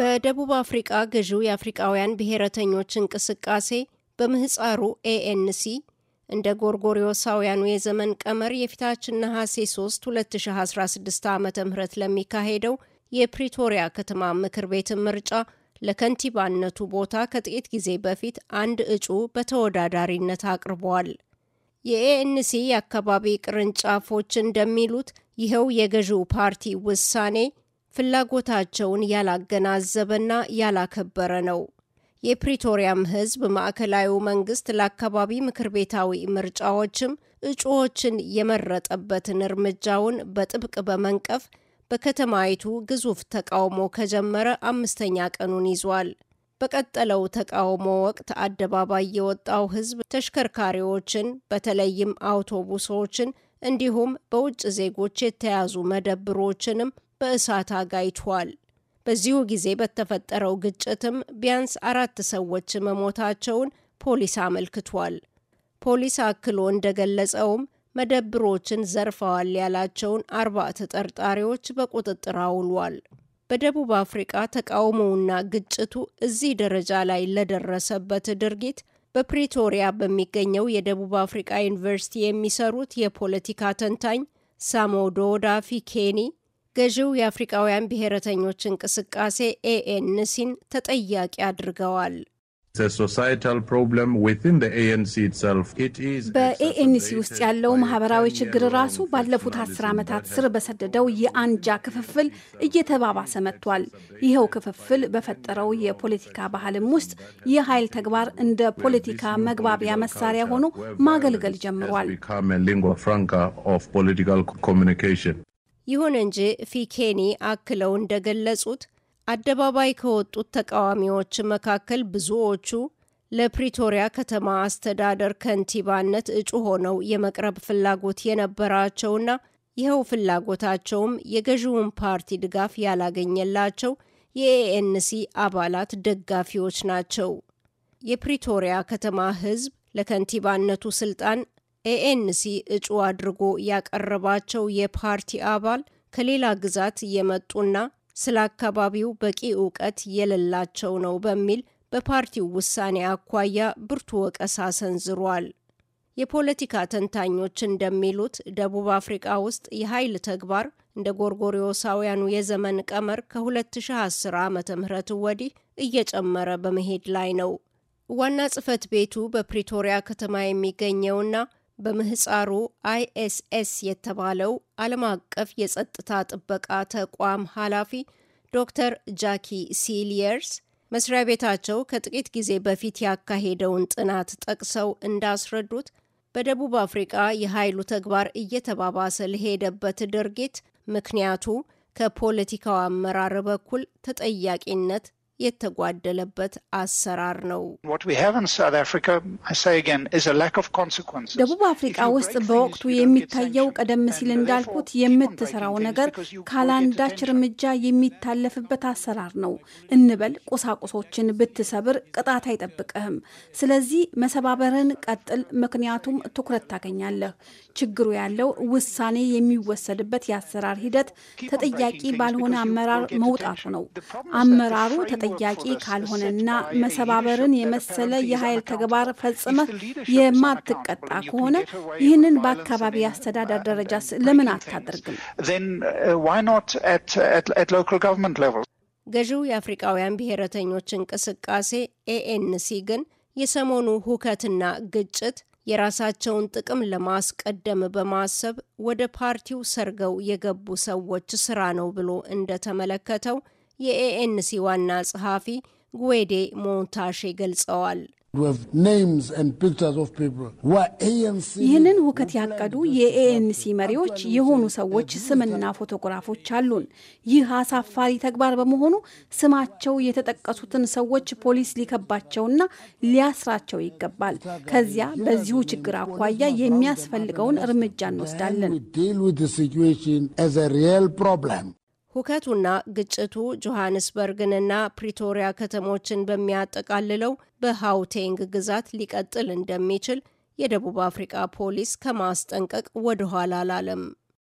በደቡብ አፍሪቃ ገዢው የአፍሪቃውያን ብሔረተኞች እንቅስቃሴ በምህፃሩ ኤኤንሲ እንደ ጎርጎሪዮሳውያኑ የዘመን ቀመር የፊታችን ነሐሴ 3 2016 ዓ ም ለሚካሄደው የፕሪቶሪያ ከተማ ምክር ቤት ምርጫ ለከንቲባነቱ ቦታ ከጥቂት ጊዜ በፊት አንድ እጩ በተወዳዳሪነት አቅርበዋል። የኤኤንሲ የአካባቢ ቅርንጫፎች እንደሚሉት ይኸው የገዢው ፓርቲ ውሳኔ ፍላጎታቸውን ያላገናዘበና ያላከበረ ነው። የፕሪቶሪያም ሕዝብ ማዕከላዊ መንግስት ለአካባቢ ምክር ቤታዊ ምርጫዎችም እጩዎችን የመረጠበትን እርምጃውን በጥብቅ በመንቀፍ በከተማይቱ ግዙፍ ተቃውሞ ከጀመረ አምስተኛ ቀኑን ይዟል። በቀጠለው ተቃውሞ ወቅት አደባባይ የወጣው ሕዝብ ተሽከርካሪዎችን በተለይም አውቶቡሶችን እንዲሁም በውጭ ዜጎች የተያዙ መደብሮችንም በእሳት አጋይቷል። በዚሁ ጊዜ በተፈጠረው ግጭትም ቢያንስ አራት ሰዎች መሞታቸውን ፖሊስ አመልክቷል። ፖሊስ አክሎ እንደገለጸውም መደብሮችን ዘርፈዋል ያላቸውን አርባ ተጠርጣሪዎች በቁጥጥር አውሏል። በደቡብ አፍሪቃ ተቃውሞውና ግጭቱ እዚህ ደረጃ ላይ ለደረሰበት ድርጊት በፕሪቶሪያ በሚገኘው የደቡብ አፍሪቃ ዩኒቨርሲቲ የሚሰሩት የፖለቲካ ተንታኝ ሳሞዶዳፊ ኬኒ ገዢው የአፍሪቃውያን ብሔረተኞች እንቅስቃሴ ኤኤንሲን ተጠያቂ አድርገዋል። በኤኤንሲ ውስጥ ያለው ማህበራዊ ችግር ራሱ ባለፉት አስር ዓመታት ስር በሰደደው የአንጃ ክፍፍል እየተባባሰ መጥቷል። ይኸው ክፍፍል በፈጠረው የፖለቲካ ባህልም ውስጥ የኃይል ተግባር እንደ ፖለቲካ መግባቢያ መሳሪያ ሆኖ ማገልገል ጀምሯል። ይሁን እንጂ ፊኬኒ አክለው እንደገለጹት አደባባይ ከወጡት ተቃዋሚዎች መካከል ብዙዎቹ ለፕሪቶሪያ ከተማ አስተዳደር ከንቲባነት እጩ ሆነው የመቅረብ ፍላጎት የነበራቸውና ይኸው ፍላጎታቸውም የገዢውን ፓርቲ ድጋፍ ያላገኘላቸው የኤኤንሲ አባላት ደጋፊዎች ናቸው። የፕሪቶሪያ ከተማ ሕዝብ ለከንቲባነቱ ስልጣን ኤኤንሲ እጩ አድርጎ ያቀረባቸው የፓርቲ አባል ከሌላ ግዛት የመጡና ስለ አካባቢው በቂ እውቀት የሌላቸው ነው በሚል በፓርቲው ውሳኔ አኳያ ብርቱ ወቀሳ ሰንዝሯል። የፖለቲካ ተንታኞች እንደሚሉት ደቡብ አፍሪቃ ውስጥ የኃይል ተግባር እንደ ጎርጎሪዮሳውያኑ የዘመን ቀመር ከ2010 ዓ ም ወዲህ እየጨመረ በመሄድ ላይ ነው። ዋና ጽሕፈት ቤቱ በፕሪቶሪያ ከተማ የሚገኘውና በምህፃሩ አይኤስኤስ የተባለው ዓለም አቀፍ የጸጥታ ጥበቃ ተቋም ኃላፊ ዶክተር ጃኪ ሲሊየርስ መስሪያ ቤታቸው ከጥቂት ጊዜ በፊት ያካሄደውን ጥናት ጠቅሰው እንዳስረዱት በደቡብ አፍሪቃ የኃይሉ ተግባር እየተባባሰ ለሄደበት ድርጊት ምክንያቱ ከፖለቲካው አመራር በኩል ተጠያቂነት የተጓደለበት አሰራር ነው። ደቡብ አፍሪካ ውስጥ በወቅቱ የሚታየው ቀደም ሲል uh, እንዳልኩት የምትሰራው ነገር ካላንዳች እርምጃ የሚታለፍበት አሰራር ነው። እንበል ቁሳቁሶችን ብትሰብር ቅጣት አይጠብቅህም። ስለዚህ መሰባበርን ቀጥል፣ ምክንያቱም ትኩረት ታገኛለህ። ችግሩ ያለው ውሳኔ የሚወሰድበት የአሰራር ሂደት ተጠያቂ ባልሆነ አመራር መውጣቱ ነው። አመራሩ ተጠያቂ ካልሆነና መሰባበርን የመሰለ የኃይል ተግባር ፈጽመህ የማትቀጣ ከሆነ ይህንን በአካባቢ አስተዳደር ደረጃ ለምን አታደርግም? Uh, ገዢው የአፍሪቃውያን ብሔረተኞች እንቅስቃሴ ኤኤንሲ ግን የሰሞኑ ሁከትና ግጭት የራሳቸውን ጥቅም ለማስቀደም በማሰብ ወደ ፓርቲው ሰርገው የገቡ ሰዎች ስራ ነው ብሎ እንደተመለከተው የኤኤንሲ ዋና ጸሐፊ ጉዌዴ ሞንታሼ ገልጸዋል። ይህንን ሁከት ያቀዱ የኤኤንሲ መሪዎች የሆኑ ሰዎች ስምና ፎቶግራፎች አሉን። ይህ አሳፋሪ ተግባር በመሆኑ ስማቸው የተጠቀሱትን ሰዎች ፖሊስ ሊከባቸውና ሊያስራቸው ይገባል። ከዚያ በዚሁ ችግር አኳያ የሚያስፈልገውን እርምጃ እንወስዳለን። ሁከቱና ግጭቱ ጆሐንስበርግንና ፕሪቶሪያ ከተሞችን በሚያጠቃልለው በሃውቴንግ ግዛት ሊቀጥል እንደሚችል የደቡብ አፍሪቃ ፖሊስ ከማስጠንቀቅ ወደኋላ አላለም።